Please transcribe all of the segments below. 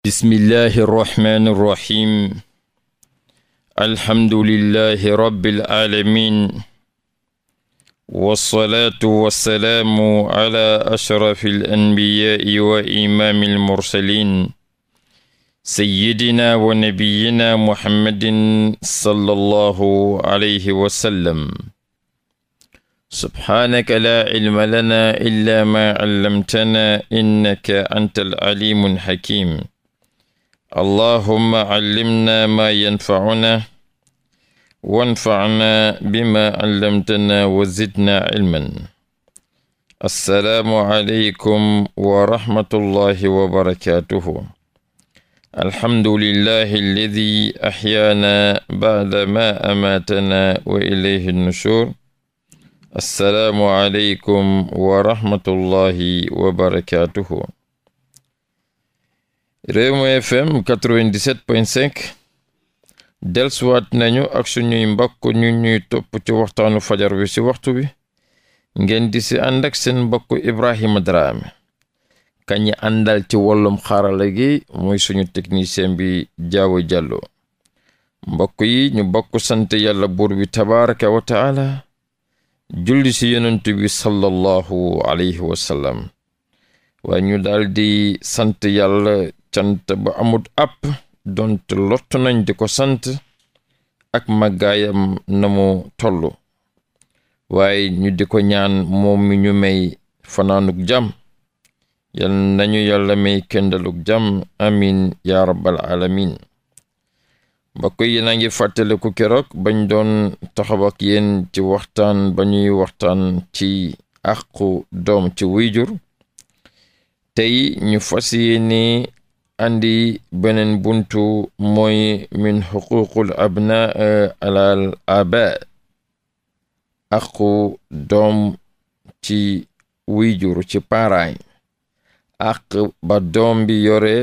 bismillahi irrahmani irrahim alhamdulillahi rabbil alamin wassalaatu wassalaamu ala ashrafi alanbiyaai wa imaami almursalin sayyidina wa nabiyina muhammadin sallallahu alayhi wa sallam subhaanaka laa cilma lanaa illaa maa callamtanaa innaka anta alcalimu alxakim allahumma callimna maa yanfacunaa wanfacnaa bimaa callamtanaa wa zidnaa cilman assalaamu aleykum wa rahmatullahi wa barakaatuhu alhamdulillahi alladi axyaanaa bacda maa amaatanaa wa ilayhi nushuur assalaamu aleykum wa rahmatullahi wa barakaatuhu Rewmi FM 97.5 delsuwaat nañu ak suñuy mbokk ñu ñuy topp ci waxtaanu fajar wi ci waxtu wi ngeen di si ànd ak seen mbokk Ibrahima Drame kañi àndal ci wàllum xarala gi muy suñu technicien bi Jaawo Jàllo mbokk yi ñu bokk sant yàlla buur bi tabaraka wa taala julli si yonent bi sallallahu alayhi wa sallam ñu daal sant yàlla cant ba amut app donte lott nañ di ko sant ak màggaayam na mu toll waaye ñu di ko ñaan moom mi ñu may fanaanug jàmm yal nañu yàlla may kendaluk jàmm amin yaa rabbal alamin mbokk yi naa ngi fàttaliku keroog bañ doon taxaw ak ci waxtaan ba waxtaan ci àqu doom ci wuyjur tey ñu fas andi beneen buntu mooy min xuququl abna eh, alal aba aqu doom ci wiyjur ci paaraay aq ba doom bi yore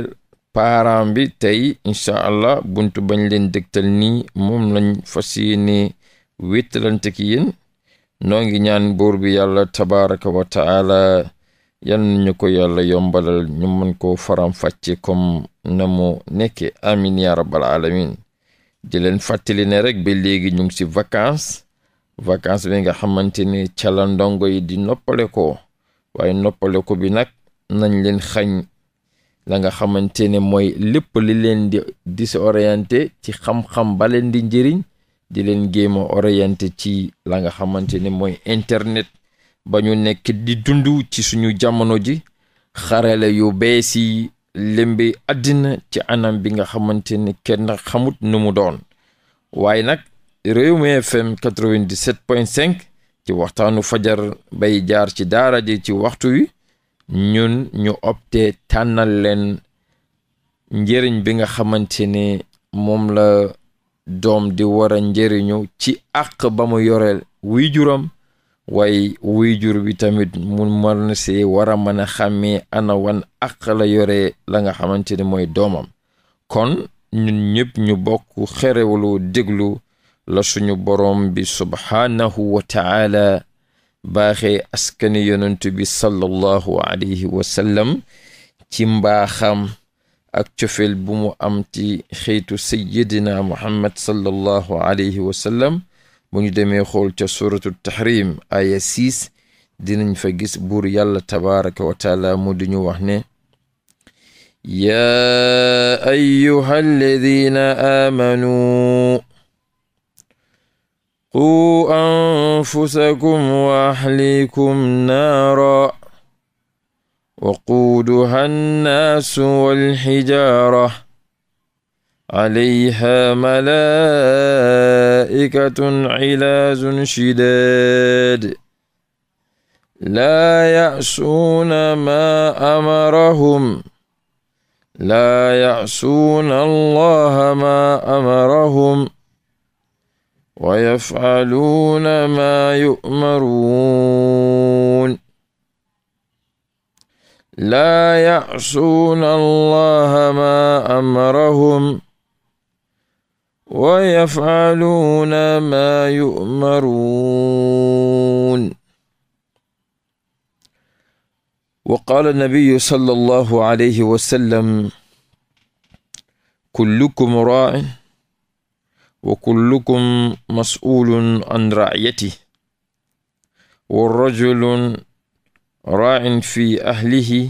paaraam bi tey incha allah buntu bañ leen dégtal nii lañ fas yéene wéttalante ki ñaan buur bi yàlla tabaraka wa taala yal ñu ko yàlla yombalal ñu mën koo faram fàcce comme na mu nekke amin ya rabbal alamin di leen fàttali ne rek ba léegi ñu ngi ci vacances vacance bi nga xamante ni ca la yi di noppale ko waaye noppale ko bi nag nañ leen xañ la nga xamante ne mooy lépp li leen di disorienté ci xam-xam ba leen di njëriñ di leen géema orienté ci la nga xamante ne mooy internet ba ñu nekk di dund ci suñu jamono ji xarale yu bees yi lembi àddina ci anam bi nga xamante ne kenn xamut nu mu doon waaye nag Rewmi FM 97.5 ci waxtaanu fajar bay jaar ci daara ji ci waxtu wi ñun ñu opté tànnal leen njëriñ bi nga xamante ne moom la doom di war a njëriñu ci àq ba mu yoreel wuy juram waaye wuyjur bi tamit mu mën si war a mën a xàmmee ana wan ak yore la nga xamante ne mooy doomam kon ñun ñëpp ñu bokk xerewlu déglu la suñu borom bi subhaanahu wa baaxe baaxee askani yonent bi sallallahu alayhi wa sallam ci mbaaxam ak cofeel bu mu am ci xeetu sayyidina muhammad sallallahu alayhi wa sallam bu ñu demee xool ca suratu tahrim dinañ fa gis buur yàlla tabaraka wa taala mu di ñu wax ne yaa ayyuha alladina aamanu wa ahlikum naara wa quuduha annaasu walxijaara عليها ملائكة غلاظ شداد لا يعصون ما أمرهم لا يعصون الله ما أمرهم ويفعلون ما يؤمرون لا يعصون الله ما أمرهم ويفعلون ما يؤمرون وقال النبي صلى الله عليه وسلم كلكم راع وكلكم مسؤول عن رعيته والرجل راع في أهله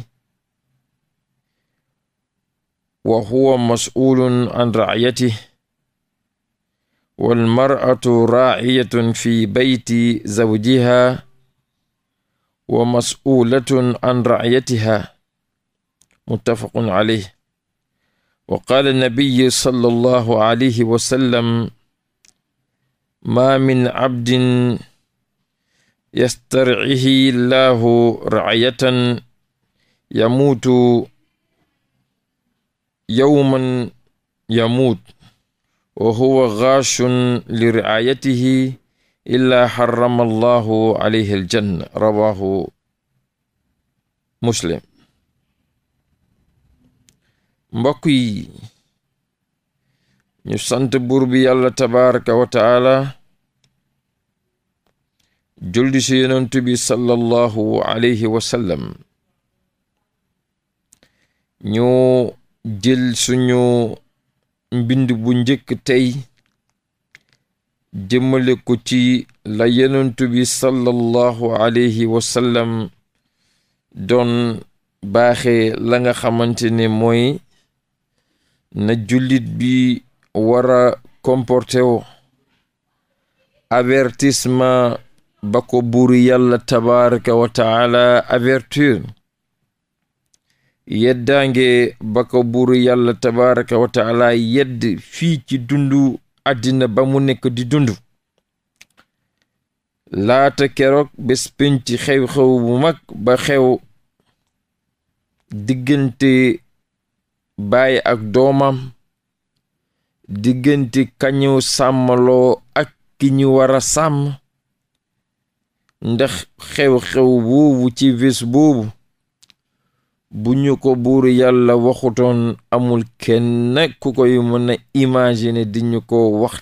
وهو مسؤول عن رعيته walmaratu raaciyatun fi bayti zawjiha wa mas'ulatun an raciyatiha muttafaqun caleyh wa qaala nabiyu sala allahu alayhi wasallam maa min cabdin yastarcihi llaahu raciyatan yamuutu yowman yamuut wa huwa gaachun li riayatihi illaa xarama allahu alayhi aljanna muslim mbokk ñu sant buur bi yàlla tabaraka wa taala juldi si yonent bi sallallahu alayhi wa sallam ñu jël suñu mbind bu njëkk tey jëmale ko ci la yenentu bi sallallahu alayhi wa sallam doon baaxee la nga xamante ne mooy na julit bi wara a comporté bako avertissement ba buur yàlla tabaraka wa taala yeddaange ba ko buuru yàlla tabaraka wa yedd fii ci dundu àddina ba mu nekk di dundu laata keroog bés penc xew-xew bu mag ba xew diggante baay ak doomam diggante kañu sàmmaloo ak ki ñu war a sàmm ndax xew-xew boobu ci bés boobu bu ñu ko buur yàlla waxutoon amul kenn ku koy mën a imaginer di ñu ko wax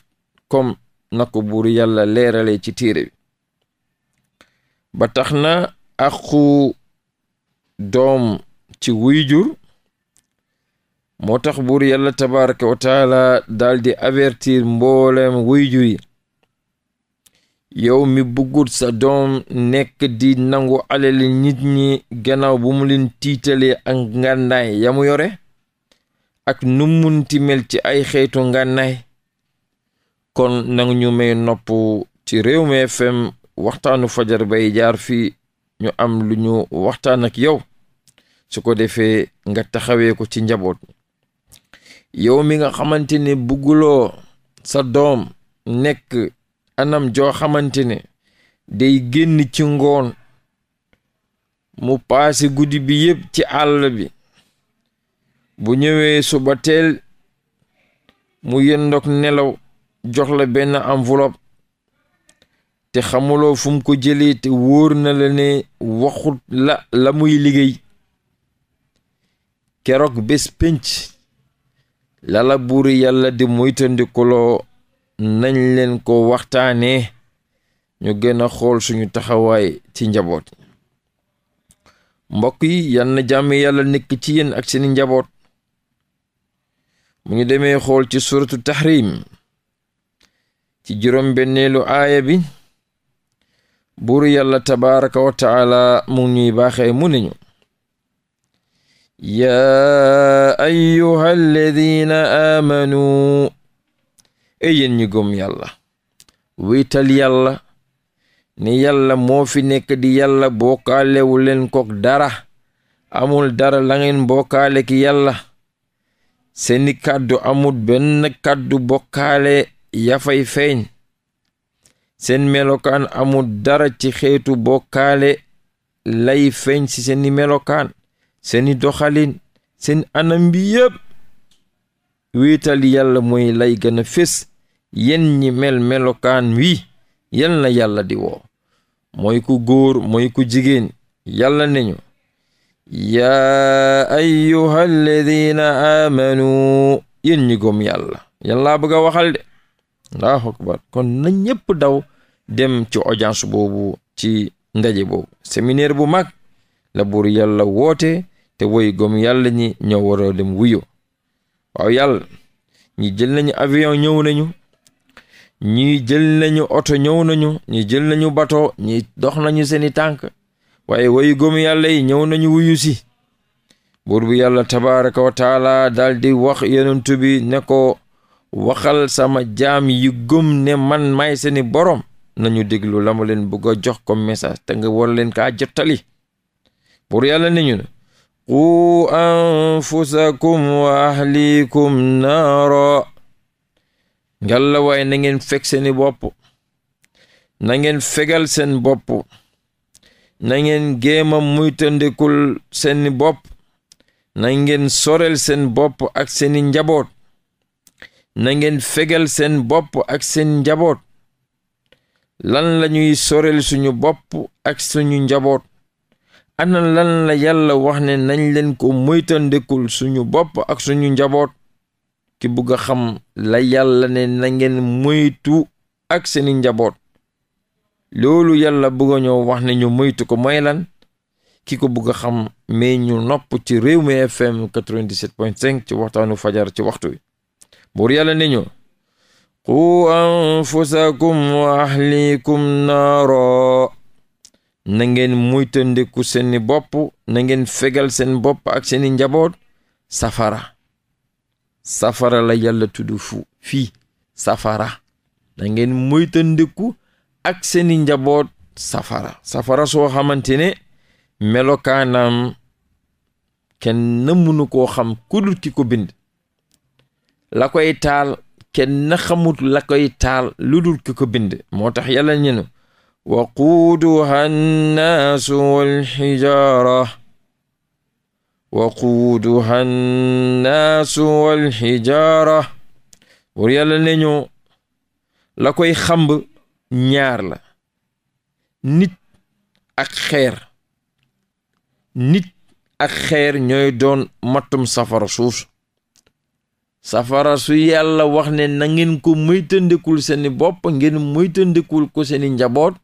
comme na ko buur yàlla leerale ci téere bi ba tax na aqu doom ci wuyjur moo tax buur yàlla tabaraka wa taala daal di avertir mbooleem wuyjur yi yow mi buggut sa doom nekk di nangu alali nit ñi gannaaw bu mu leen tiitalee ak ngànnaay yamu yore ak nu munti mel ci ay xeetu ngànnaay kon nang ñu may nopp ci Rewmi FM waxtaanu fajar bay jaar fi ñu am lu ñu waxtaan ak yow su ko defee nga taxawee ko ci njaboot yow mi nga xamante ne bugguloo sa doom nekk anam joo xamante ne day génn ci ngoon mu paase guddi bi yépp ci àll bi bu ñëwee suba mu yendoog nelaw joxla la benn enveloppe te xamuloo fu mu te wóor na la ne waxut la la muy liggéey keroog bés pénc lala buur yàlla di moytandikuloo nañ leen ko waxtaanee ñu gën a xool suñu taxawaay ci njaboot mbokk yi yal na jàmm yàlla nekk ci yéen ak seeni njaboot mu ngi demee xool ci suratu tahrim ci juróom benneelu aaya bi buuru yàlla tabaaraka wa mu ñuy baaxee mu ne ñu yaa ayyuha alladina e yéen ñu gëm yàlla wéetal yàlla ni yàlla moo fi nekk di yàlla bookaalewu leen dara amul dara la ngeen ki yàlla seeni kàddu amul benn kàddu bokkaale yafay feeñ seen melokaan amul dara ci xeetu bokkaale lay feeñ ci seni melokaan seeni doxalin seen anam bi yépp wéetal yàlla mooy lay gën a fés yen ñi mel melokaan wi yal na yàlla di woo mooy ku góor mooy ku jigéen yàlla nañu yaa ayyuha alladina amanu yéen ñi gom yàlla yan laa bëgg a waxal de allahu akbar kon na ñépp daw dem ci audience boobu ci ndaje boobu séminaire bu mag la buur yàlla woote te woy gom yàlla ñi ñoo war dem wuyo waaw yàlla ñi jël nañu avion ñëw nañu ñi jël nañu oto ñëw nañu ñi jël nañu bato ñi dox nañu seeni tànk waaye wayu gëm yàlla yi ñëw nañu wuyu si yàlla tabaraka wa taala daal wax yonent bi ne ko waxal sama jaam yi gëm ne man may seeni borom nañu déglu la ma leen bëgg jox comme message te nga war leen kaa jottali pour yàlla nañu quu anfusakum wa ahlikum naaro ngalla waay na ngeen feg seeni bopp nangeen ngeen fegal seen bopp na ngeen géema muytandikul seeni bopp na ngeen sorel seen bopp ak seeni njaboot na ngeen fegal seen bopp ak seen njaboot lan lañuy sorel suñu bopp ak suñu njaboot ana lan la yàlla wax ne nañ leen ko moytandikul suñu bopp ak suñu njaboot ki bugg a xam la yàlla ne na ngeen moytu ak seeni njaboot loolu yàlla bugg a ñoo wax ne ñu moytu ko mooy lan ki ko bugg a xam mais ñu nopp ci réew mi fm 97.5 ci waxtaanu fajar ci waxtu wi buur yàlla ne ñu qu anfusakum wa ahlikum naaro na ngeen muytandiku bopp nangeen fegal seen bopp ak seeni njaboot safara safara la yàlla tudd fu fii safara na ngeen ak seeni njaboot safara safara soo xamante ne melokaanam kenn mënu koo xam ku dul ko bind la koy kenn xamut la koy taal lu dul ki ko bind moo tax yàlla ñenu وقودها الناس والحجارة وقودها الناس والحجارة buur yàlla ne ñu la koy xamb ñaar la nit ak xeer nit ak xeer ñooy doon mattum safara suuf safara su yàlla wax ne na ngeen ko moytandikul seeni bopp ngeen moytandikul ko seeni njaboot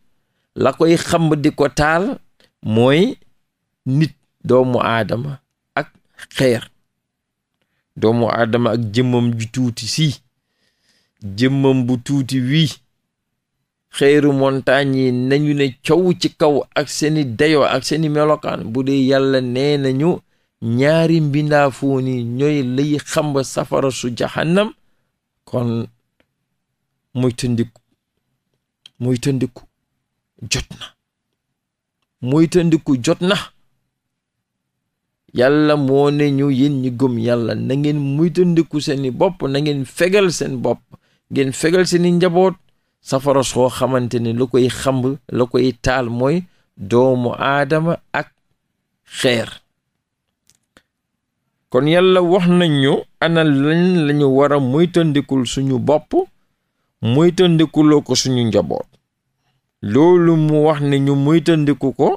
la koy xamb ko taal mooy nit doomu aadama ak xeer doomu aadama ak jëmmam ju tuuti si jëmmam bu tuuti wii xeeru montagne yi nañu ne coow ci kaw ak seeni dayoo ak seeni melokaan bu dee yàlla nee nañu ñaari mbindaafoo ni ñooy lay xamb safara su jahannam kon muy tëndiku muy tëndiku jot na moytandiku jot na yàlla moo ne ñu yéen ñi gëm yàlla na ngeen moytandiku seeni bopp nangeen fegal seen bopp ngeen fegal seeni njaboot safara soo xamante ne lu koy xamb la koy taal mooy doomu aadama ak xeer kon yàlla wax nañu ana lañ lañu war a moytandikul suñu bopp moytandikuloo ko suñu njaboot loolu mu wax ne ñu moytandiku ko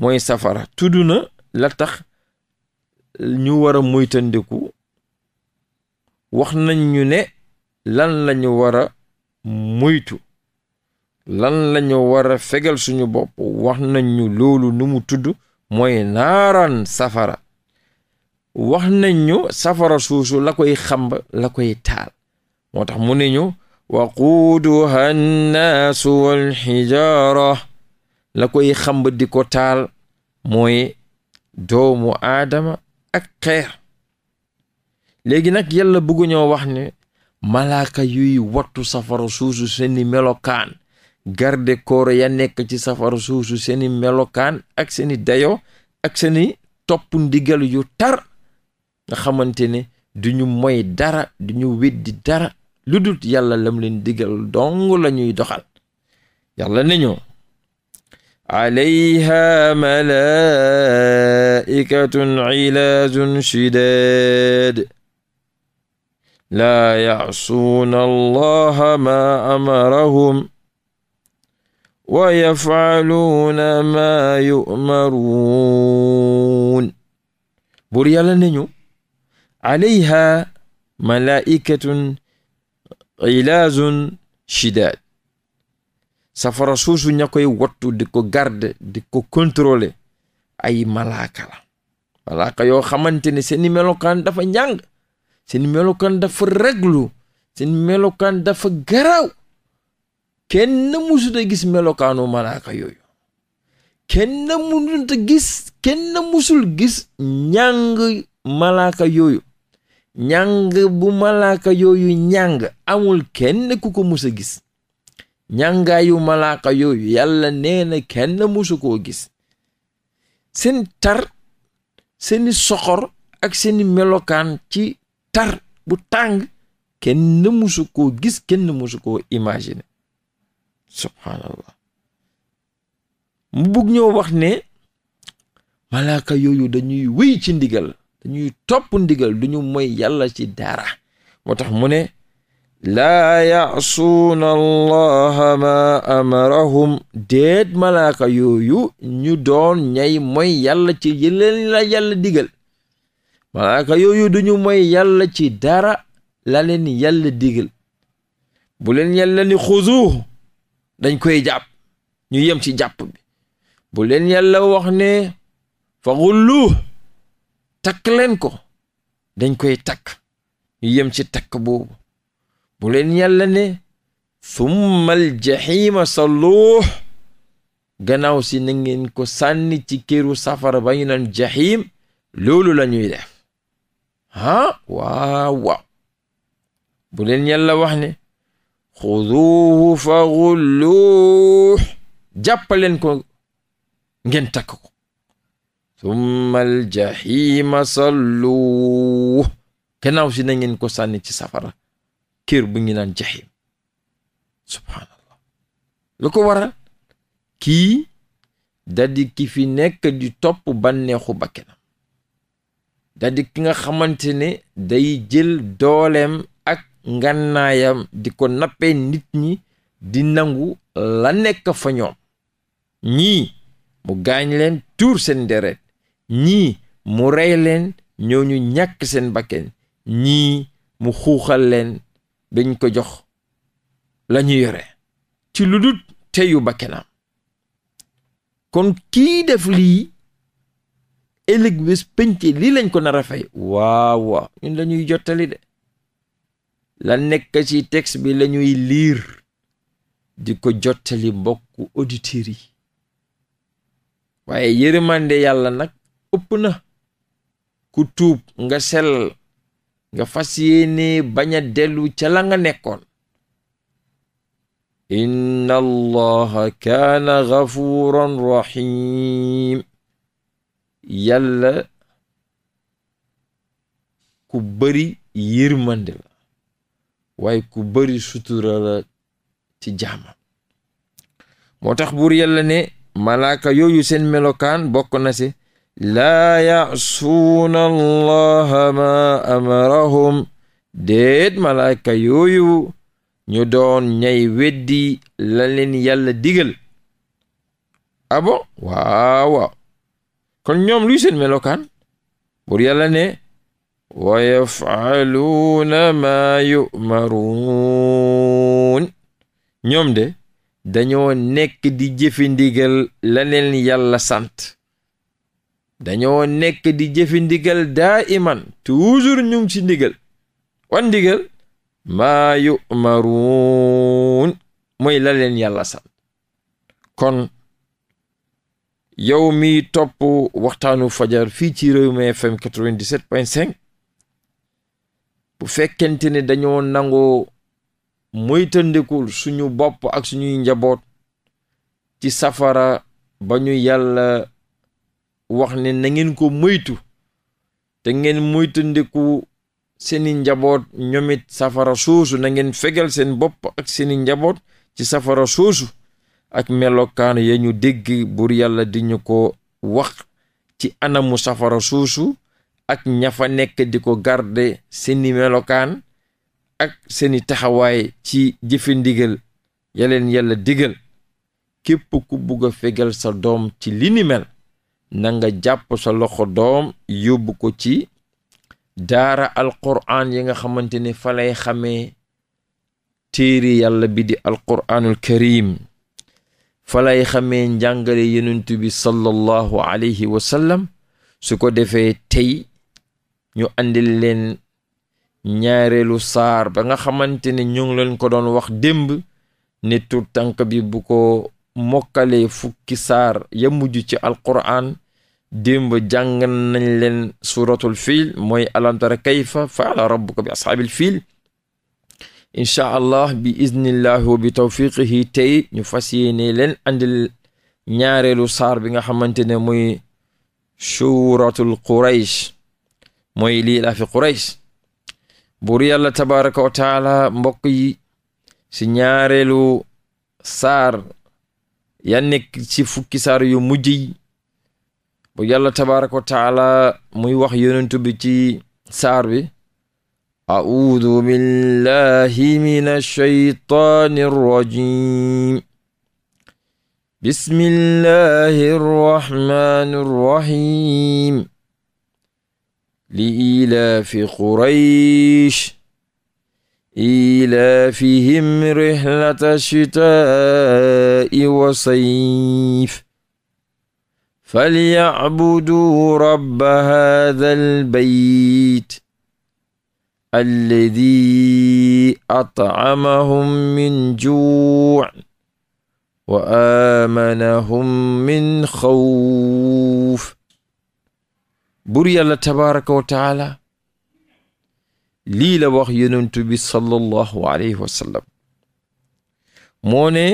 mooy safara tudd na la tax ñu war a moytandiku wax nañ ñu ne lan lañu war a lan lañu wara a fegal suñu bopp wax nañ ñu loolu nu mu tudd moy naaraan safara wax nañ ñu safara suusu la koy xamb la koy taal moo tax mu ne ñu waquuduha annaasu walxijaara la koy xamba di ko taal mooy doomu aadama ak xeer léegi nag yàlla bëgg ñoo wax ne malaaka yuy wattu safara suusu seeni melokaan garde koor ya nekk ci safara suusu seeni melokaan ak seeni dayo ak seeni topp ndigal yu tar nga xamante ne duñu moy dara duñu weddi dara lu dul yàlla lam leen digal dong la ñuy doxal yàlla ne ñoo alayha malaikatun ilaazun shidaad laa yacsuuna allaha maa amarahum wa yafaaluuna maa yu'maruun buur yàlla ne ñu alayha malaikatun ilaazun shidaad safara suusu ña koy wattu di ko garde di ko contrôler ay malaaka la malaaka yoo xamante ne seeni melokaan dafa ñàng seeni melokaan dafa reglu seeni melokaan dafa garaaw kenn musuta gis melokaanu malaaka yooyu kenn musuta gis kenn musul gis ñàng malaaka yooyu ñàng bu malaaka yooyu ñàng amul kenn ku ko mus a gis ñàngaayu malaaka yooyu yàlla nee na kenn musu koo gis seen tar seeni soxor ak seeni melokaan ci tar bu tàng kenn musu koo gis kenn musu koo imaginer subhaanallah mu bugg ñoo wax ne malaaka yooyu dañuy wéy ci ndigal dañuy topp ndigal duñu moy yàlla ci dara moo tax mu ne laa yaasuuna allaha ma amarahum déet malaaka yooyu ñu doon ñay moy yàlla ci yëleen la yàlla digal malaaka yooyu duñu moy yàlla ci dara la leen yàlla digal bu leen yàlla ni xuzu dañ koy jàpp ñu yem ci jàpp bi bu leen yàlla wax ne fa xullu takk leen ko dañ koy takk ñu yem ci takk boobu bu leen yàlla ne summa aljahima salluuh gannaaw si na ngeen ko sànni ci këru safara ba ñu naan jahim loolu la def ah waaw waaw bu leen yàlla wax ne xuduuhu fa gulluuh jàppaleen ko ngeen takk ko tumma aljahima sallu gannaaw si na ko sànni ci safara kër bu ngi naan jahim subhaanallah lu ko waral kii dadi ki fi nekk di topp bànneexu bakkenam dadi ki nga xamante ne day jël dooleem ak ngannaayam di ko nappee nit ñi di nangu la nekk fa ñoom ñii mu gaañ leen tuur seen deret ñii mu rey leen ñooñu ñàkk seen bakken ñii mu xuuxal leen dañ ko jox la ñu yore ci lu dul teyu bakkenam kon kii def lii ëllëg bés pënte lii lañ ko nar a fay waaw waaw ñun la jottali de la nekk ci tex bi lañuy liir di ko jottali bokk auditeurs yi waaye yërëmande yàlla nag ëpp na ku tuub nga sell nga fas yéene bañ a dellu ca la nga nekkoon inna allaha kaana gafuuran rahim yàlla ku bari yërmande la waaye ku bari sutural la ci jaama moo tax buur yàlla ne malaka yooyu seen melokaan bokk na si laa yasuuna allaha ma amarahum déet yooyu ñu doon ñay weddi la leen digal abo ah waawa kon ñoom luy seen melokaan bur yalla ne wa yafaluuna maa yumaruun ñoom de dañoo nekk di jëfi ndigal la yàlla sant dañoo nekk di jëfi ndigal daa iman toujours ñu ngi ci ndigal wan ndigal maa yu'maruun mooy la leen yàlla sant kon yow mi topp waxtaanu fajar fii ci Rewmi FM 97.5 bu fekkente ne dañoo nangoo moytandikul suñu bopp ak suñuy njaboot ci safara bañu ñu yàlla wax ne na ngeen ko moytu te ngeen moytandiku seeni njaboot ñoomit safara soosu na ngeen fegal seen bopp ak seeni njaboot ci safara soosu ak melokaan ya ñu dégg buur yàlla di ko wax ci anamu safara soosu ak ñafa nekk di ko garde seeni melokaan ak seeni taxawaay ci jëfe ndigal yaleen yàlla digal képp ku bugg a fegal sa doom ci li nanga nga jàpp sa loxo doom yóbbu ko ci daara alqur'an yi nga xamante ni fa lay xamee téere yàlla bi di alqur'anul karim fa lay xamee njàngale yenent bi sallallahu alayhi wa sallam su ko defee tey ñu andil leen ñaareelu saar ba nga xamante ne ñu ngi leen ko doon wax démb ne tur tànk bi bu ko mokkalee fukki saar ya mujj ci alqur'an démb jàngal nañ leen suuratul fiil mooy alam tara kayfa faala rabbuka bi ashaabil fiil incha allah bi iznillahi bi tawfiqihi tey ñu fas yéene leen andil ñaareelu saar bi nga xamante ne muy suratul quraysh mooy lii laa fi quraysh buur yàlla tabaraka mbokk yi si ñaareelu saar ya nekk ci fukki saar yu mujj yi bu yàlla tabaaraka wa taala muy wax yonentu bi ci saar bi audu billahi min alshaytaani arrajim bismillahi arrahmani arrahim li ilaafi quraysh ilaafihim rihlata wa sayf falyacbuduu rabba haadha albayt alladi at'amahum min juuc wa aamanahum min xawf buur yàlla tabaraka wa taala lii la wax yonent bi sallallahu alayhi wa sallam moo ne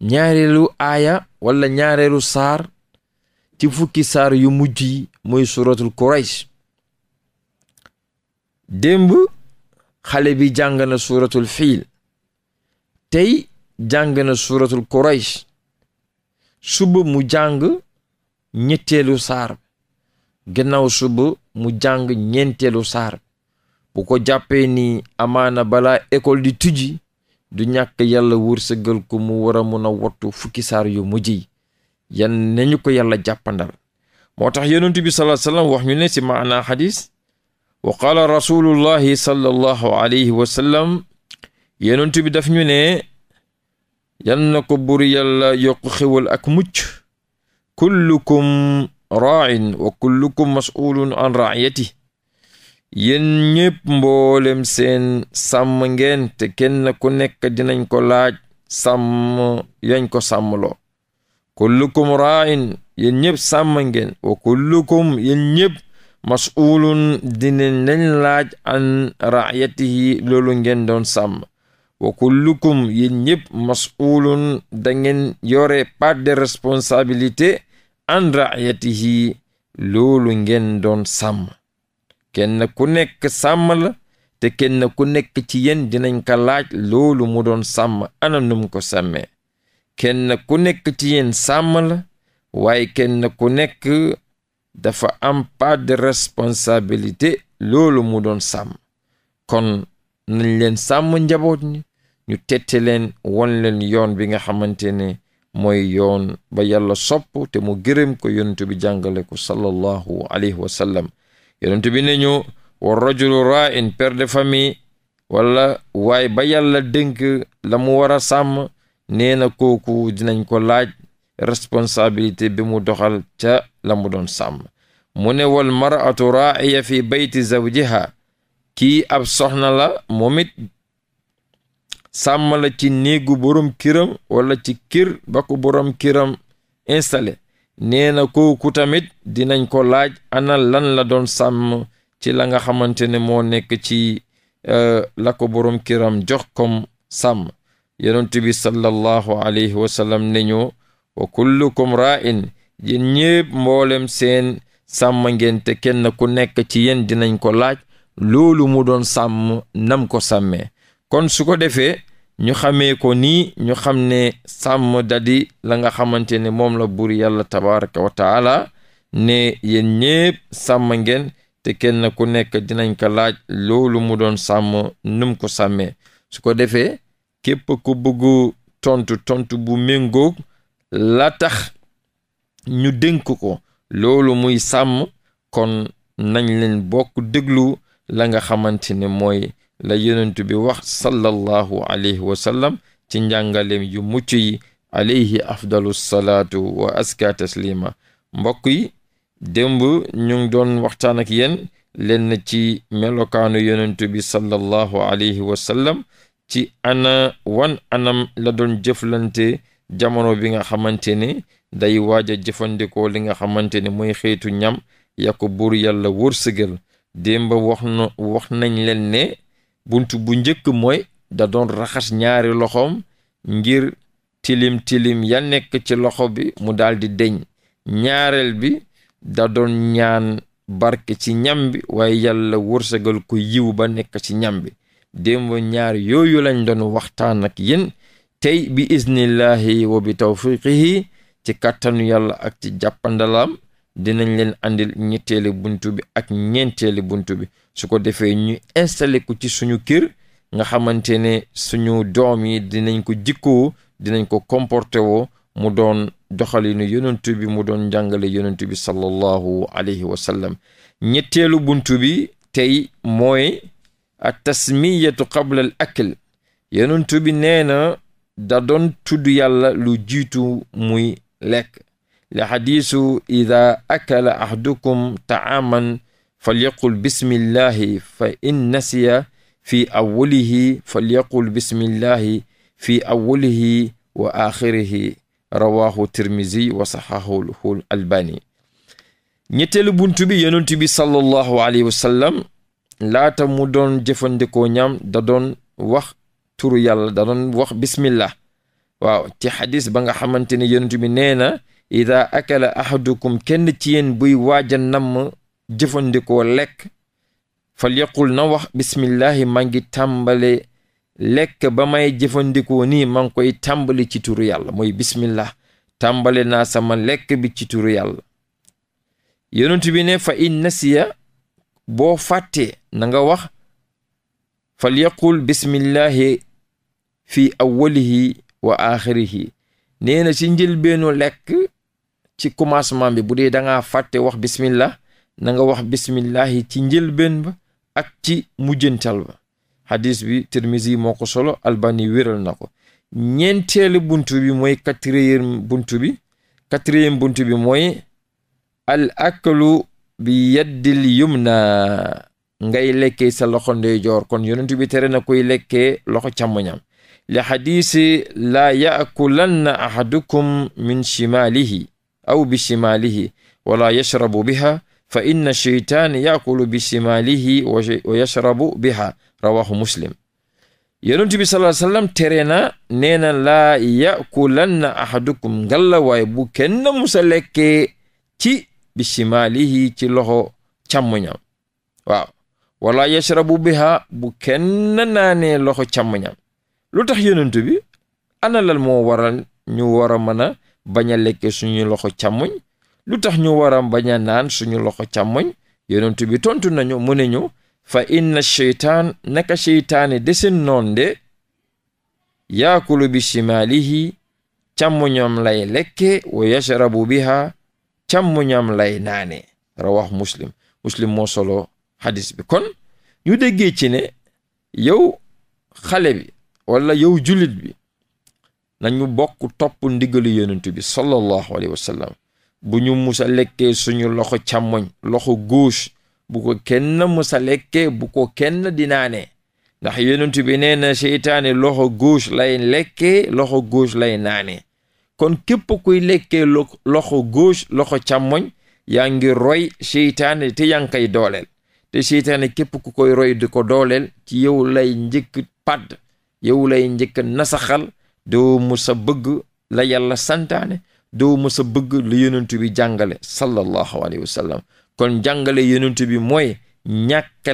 ñaareelu aaya wala ñaareelu saar ci fukki saar yu mujj yi muy suratul Quraysh démb xale bi jàng na suratul fiil tey jàng na suratul Quraysh suba mu jàng ñetteelu saar gannaaw suba mu jàng ñeenteelu saar bu ko jàppee ni amaana bala école di tujji du ñàkk yàlla wërsëgal ko mu war a mun a wattu fukki saar yu mujj yi yan nañu ko yàlla jàppandal moo tax yonent bi sallallahu alayhi wasallam wax ñu ne ci maanaa xadis wa qaala rasulullahi sallallahu alayhi wasallam yonent bi daf ñu ne yan na ko bur yàlla yokk xewal ak mucc kullukum raa'in wa kullukum mas'ulun an ra'iyati yéen ñépp mboolem seen sàmm ngeen te kenn ku nekk dinañ ko laaj sàmm yañ ko sàmmloo kullukum raayin yéen ñépp sàmm ngeen wa kullukum yéen ñépp mas'uulun dinañ laaj an raayatihi loolu ngeen doon sàmm wa kullukum yéen ñépp mas'uulun da ngeen yore part de responsabilité an raayatihi loolu ngeen doon sàmm kenn ku nekk sàmm la te kenn ku nekk ci yéen dinañ ka laaj loolu mu doon sàmm ana num ko sàmmee kenn ku nekk ci yéen sàmm la waaye kenn ku nekk dafa am part de responsabilité loolu mu doon sàmm kon nañ leen sàmm njaboot ñi ñu tette leen won leen yoon bi nga xamante ne mooy yoon ba yàlla sopp te mu gërëm ko yonent bi jàngale ko sallallahu alayhi wa sallam yonent bi ne ñu wa rajulu ra'in père de famille wala waay ba yàlla dénk la mu war a sàmm nee na kooku dinañ ko laaj responsabilité bi mu doxal ca la mu doon sàmm mu ne wal mar'atu ra'iya fi bayti zawjiha kii ab soxna la moom it sàmm la ci néegu borom kiram wala ci kir ba ko borom kiram installé nee na kooku tamit dinañ ko laaj ana lan la doon sàmm ci la nga xamante ne moo nekk ci euh, la ko boroom kiram jox kom sàmm yonent bi sallallahu alayhi wa sallam ne ñu wa kullukum ra'in yéen ñépp mboolem seen sàmm ngeen te kenn ku nekk ci yéen dinañ ko laaj loolu mu doon sàmm nam ko sàmmee kon su ko ñu xamee ko nii ñu xam ne sàmm dadi la nga xamante ne moom la buur yàlla tabaraka wa ne yéen ñépp sàmm ngeen te kenn ku nekk dinañ ko laaj loolu mu doon sàmm num ko sàmmee su ko defee képp ku bëggu tontu tontu bu méngoog la tax ñu dénk ko loolu muy sàmm kon nañ leen bokk déglu la nga xamante ne mooy la yonent bi wax sallallahu alayhi wa ci njàngaleem yu mucc yi alayhi afdalu salaatu wa aska taslima mbokk yi démb ñu ngi doon waxtaan ak yéen lenn ci melokaanu yonent bi sallallahu alayhi wa sallam ci ana wan anam la doon jëflante jamono bi nga xamante ne day waaj a jëfandikoo li nga xamante ne mooy xeetu ñam yako ko buur yàlla wërsëgal démb wax ne buntu bu njëkk mooy da doon raxas ñaari loxoom ngir tilim tilim ya nekk ci loxo bi mu daldi deñ ñaarel bi da ñaan barke ci ñam bi waaye yàlla wërsëgal ko yiw ba nekk ci ñam bi démb ñaar yooyu lañ doon waxtaan ak yéen tey bi iznillahi wa bi tawfiqihi ci kàttanu yàlla ak ci jàppandalaam dinañ leen andil ñetteeli buntu bi ak ñeenteeli buntu bi su ko defee ñu installé ko ci suñu kër nga xamante ne suñu doom dinañ ko jikkoo dinañ ko comporté woo mu doon doxalinu yonent bi mu doon njàngale yonent bi sallallahu alayhi wa sallam ñetteelu buntu bi tey mooy a tasmiyatu qabla al akl yonent bi nee na da doon yàlla lu jiitu muy lekk li xadiisu ida akala ahdukum taaman falyaqul bismillahi fa in nasiya fi awwalihi falyaqul bismillahi fi awwalihi wa axirihi rawahu tirmizi wa saxahul albani ñetteelu bunt bi yonent bi sallallahu alayhi wa laata mu doon jëfandikoo ñam da doon wax turu yàlla wax bismillah waaw ci xadis ba nga xamante ne yonent bi ida akala ahadukum kenn buy waaja namm jëfandikoo lekk fal yaqul na wax bismillahi maa ngi tàmbale lekk ba may jëfandikoo nii maa koy tàmbali ci turu yàlla mooy bismillah tàmbale naa sama lekk bi ci turu yàlla yonent ne fa in nasiya boo fàttee na nga wax fal yaqul bismillahi fi awwalihi wa axirihi nee na ci njëlbeenu lekk ci commencement bi bu dee danga ngaa fàtte wax bismillah na nga wax bismillahi ci njëlbéen ba ak ci mujjantal ba hadis bi Tirmizi moo ko solo Albani wéral na ko ñeenteelu buntu bi mooy quatrième buntu bi quatrième buntu bi mooy al akalu bi yaddil yumna ngay lekkee sa loxo ndeyjoor kon yonent bi tere na koy lekkee loxo càmmoñam li xadiisi laa yaakulanna ahadukum min shimalihi aw bi shimalihi wala yashrabu biha fa inna cheytaani yaakulu bi shimaalihi wa yashrabu biha rawahu muslim yonentu bi sallallahu alayhi tere na nee na laa yakulanna ahadukum ngalla waay bu kenn musa lekkee ci bi shimaalihi ci loxo càmmoñam waaw wala yashrabu biha bu kenn naanee loxo càmmoñam lu tax yonentu bi ana lan moo waral ñu war a mën a bañ a lekkee suñu loxo càmmoñ lu tax ñu war a bañ a naan suñu loxo càmmoñ yonent bi tontu nañu mu ne ñu fa inna seytaan naka seytaane de seen noon de yaakulu bi shimaalihi càmmoñam lay lekke wa yashrabu biha càmmoñam lay naane rawax muslim muslim moo solo hadis bi kon ñu déggee ci ne yow xale bi wala yow julit bi nañu bokk topp ndigalu yonent bi sallallahu alayhi wa sallam bu ñu musa lekkee suñu loxo càmmoñ loxo gauche bu ko kenn musa lekkee bu ko kenn di dinaane ndax yonent bi nee na seytaane loxo gauche lay lekkee loxo gauche lay naane kon képp kuy lekkee loxo gauche loxo càmmoñ yaa ngi roy seytaane te yaa ngi dooleel te seytaane képp ku koy roy di ko dooleel ci yow lay njëkk padd yow lay njëkk nasaxal doo musa bëgg la yàlla santaane doo mës a bëgg lu yonent bi jàngale sallallahu alayhi wa sallam kon jàngale yonent bi mooy ñàkk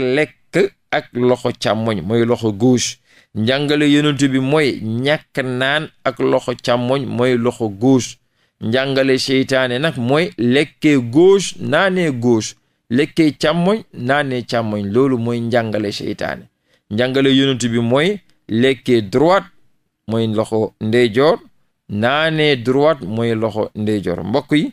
ak loxo càmmoñ mooy loxo gauche njàngale yonent bi mooy ñàkk naan ak loxo càmmoñ mooy loxo gauche njàngale seytaane nag mooy lekkee gauche naane gauche lekkee càmmoñ naanee càmmoñ loolu mooy njàngale seytaane njàngale yonent bi mooy lekkee droite mooy loxo ndeyjoor naanee droite mooy loxo ndeyjoor mbokk yi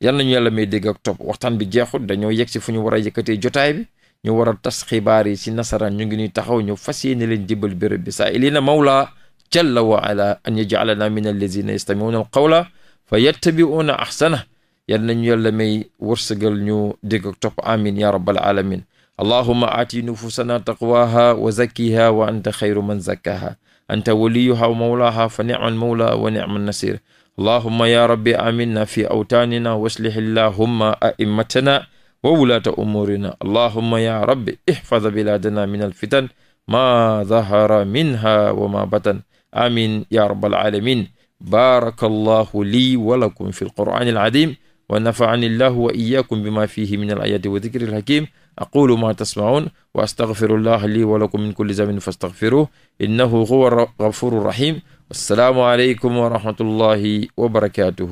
yal nañu yàlla may dégg ak waxtaan bi jeexut dañoo yegg si fu ñu war a yëkkatee jotaay bi ñu war a tas xibaar yi si nasaraan ñu ngi ni taxaw ñu fas yéene leen jébal béréb bi saa ilina mawla jalla wa ala an yajalana min allazina yastamiuna alqawla fa yattabiuna ahsana yal nañu yàlla may wërsëgal ñu dégg ak topp amin ya rabbal alamin allahuma aati nufusana taqwaha wa zakkiha wa anta xayru man zakkaha anta waliyuha wa mawlaha fa nicma almawla wa nicma alnasir allahuma ya rabbi aminna fi awtaanina wa aslih illahumma a'immatana wa wulaata umuurina allahuma ya rabbi ihfad bilaadana min alfitan ma dahara minha wa ma batan amin ya rabbal alamin baraka allahu lii wa lakum fi alqur'ani alazim wa nafa'ani allahu wa iyyakum bima fihi min alayati wa dhikri alhakim aqulu ma tasmaun wa astaghfirullah li wa lakum min kulli zambin fastaghfiruh innahu huwa ghafuru rahim wassalaamu aleykum wa rahmatullahi wa barakatuhu